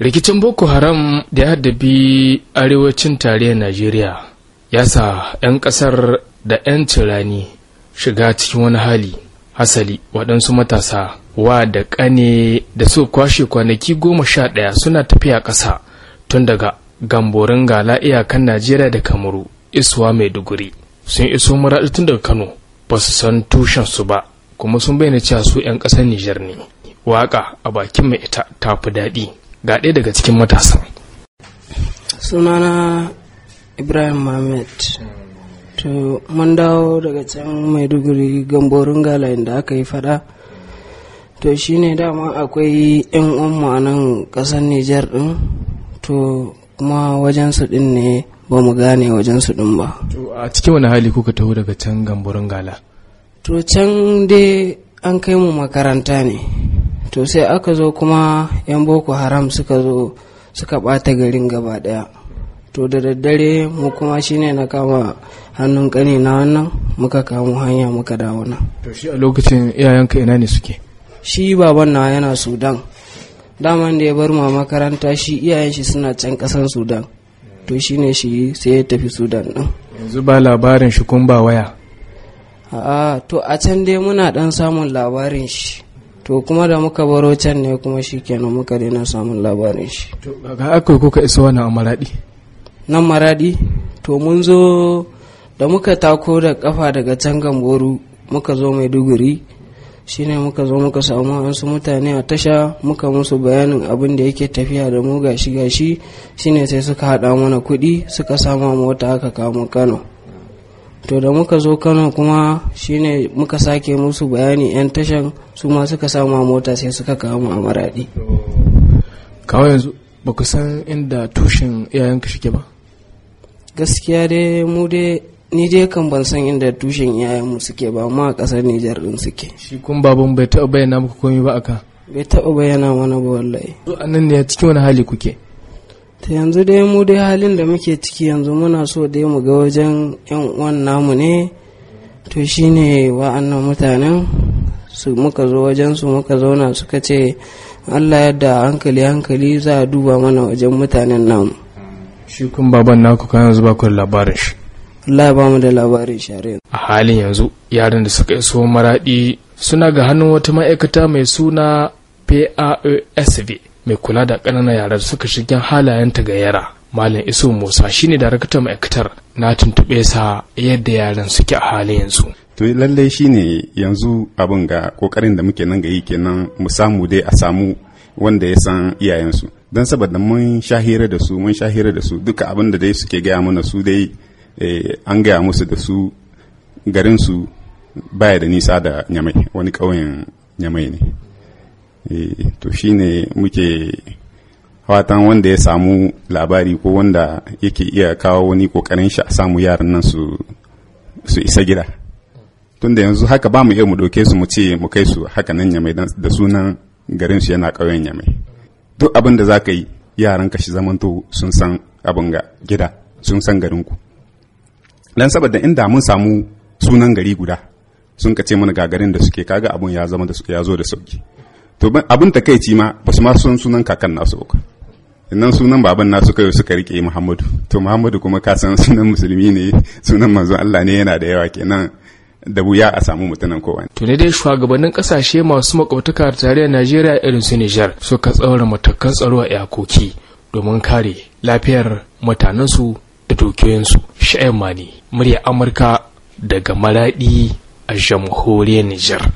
rikicin boko haram da ya haddabi arewacin tarayyar najeriya ya sa 'yan kasar da 'yan rani shiga cikin wani hali hasali waɗansu matasa wa da ƙane da su kwashe kwanaki goma sha ɗaya suna tafiya ƙasa tun daga gamborin gala iyakan najeriya da kamaru isuwa mai duguri sun iso muradu tun daga kano ba su san su ba kuma sun bayyana cewa su 'yan ƙasar nijar ne waƙa a bakin mai ita tafi daɗi ga ɗaya daga cikin matasan sunana ibrahim mohamed to mun dawo daga can maiduguri gamborin galayin da aka yi fada to shine dama akwai 'yan umma nan ƙasar nijar ɗin to kuma wajensu ɗin ne ba mu gane wajensu ɗin ba to a cikin wani hali kuka taho daga can gamborin gala to can dai an kai mu makaranta ne to sai aka zo kuma 'yan boko haram suka zo suka bata garin gaba ɗaya to da daddare mu kuma shine na kama hannun kani na wannan muka kamo hanya muka dawo nan to shi a lokacin iyayenka ina ne suke shi baban na yana sudan daman da ya bar ma makaranta shi iyayen shi suna can kasan sudan to shine shi sai ya tafi sudan din yanzu ba labarin shi kun ba waya a'a to a can dai muna dan samun labarin shi to kuma da muka baro can ne kuma shi kenan muka daina samun labarin shi to ga aka kuka iso wannan maradi nan maradi to mun zo da muka tako da kafa daga can gamboru muka zo maiduguri shine muka zo muka samu wasu mutane a tasha muka musu bayanin abin da yake tafiya da mu gashi gashi shine sai suka haɗa mana kuɗi suka sama mota aka kamo kano to da muka zo kano kuma shine muka sake musu bayani 'yan tashan su ma suka samu mota sai suka kawo mu a maradi kawo yanzu ba ku san inda tushen iyayenka shike ba gaskiya dai mu dai ni dai kan ban san inda tushen iyayenmu suke ba amma a ƙasar nijar din suke shi kun babun bai taɓa bayyana muku komai ba aka bai taɓa bayyana mana ba wallahi a nan ne cikin wani hali kuke ta yanzu dai mu dai halin da muke ciki yanzu muna so dai mu ga wajen yan uwan namu ne to shine wa'annan mutanen su muka zo wajen su muka zauna suka ce allah yadda hankali hankali za a duba mana wajen mutanen namu shi kun baban naku kan yanzu ba ku da labarin shi allah ba mu da labarin shi a halin yanzu yaran da suka iso maraɗi suna ga hannun wata ma'aikata mai suna PAOSV e mai kula da ƙananan yara suka shigen ta ga yara malam iso musa shine daraktan ma'aikatar na tuntuɓe sa yadda yaran suke a halin yanzu to lallai shine yanzu abin ga kokarin da muke nan ga yi kenan mu samu dai a samu wanda ya san iyayensu don saboda mun shahira da su mun shahira da su duka abin da dai suke gaya mana su dai eh, an gaya musu da su garin su baya da nisa da nyamai wani ƙauyen nyamai ne Eh, to shi ne muke fatan wanda ya samu labari ko wanda yake iya kawo wani kokarin shi a samu yaran nan su isa gida tunda yanzu haka ba mu iya mu ɗauke su mu ce mu kai su haka nan yamai da sunan garin su yana ƙauyen yamai duk abin da za ka yi yaran ka shi zamanto sun san abin ga gida sun san garin ku dan saboda inda mun samu sunan gari guda sun ka ce mana ga garin da suke kaga abun ya zama da ya zo da sauki to abin ta takaici ma ba su ma son sunan kakan nasu ba nan sunan baban nasu kai suka rike Muhammadu to Muhammadu kuma ka san sunan musulmi ne sunan manzon Allah ne yana da yawa kenan da wuya a samu mutanen kowa. To ne dai shugabannin kasashe masu makwabtaka a tarayyar Najeriya irin su Nijar suka tsaura matakan tsaro a iyakoki domin kare lafiyar mutanensu da dukiyoyinsu. Sha'ayin Mani, murya Amurka daga Maradi a jamhuriyar Nijar.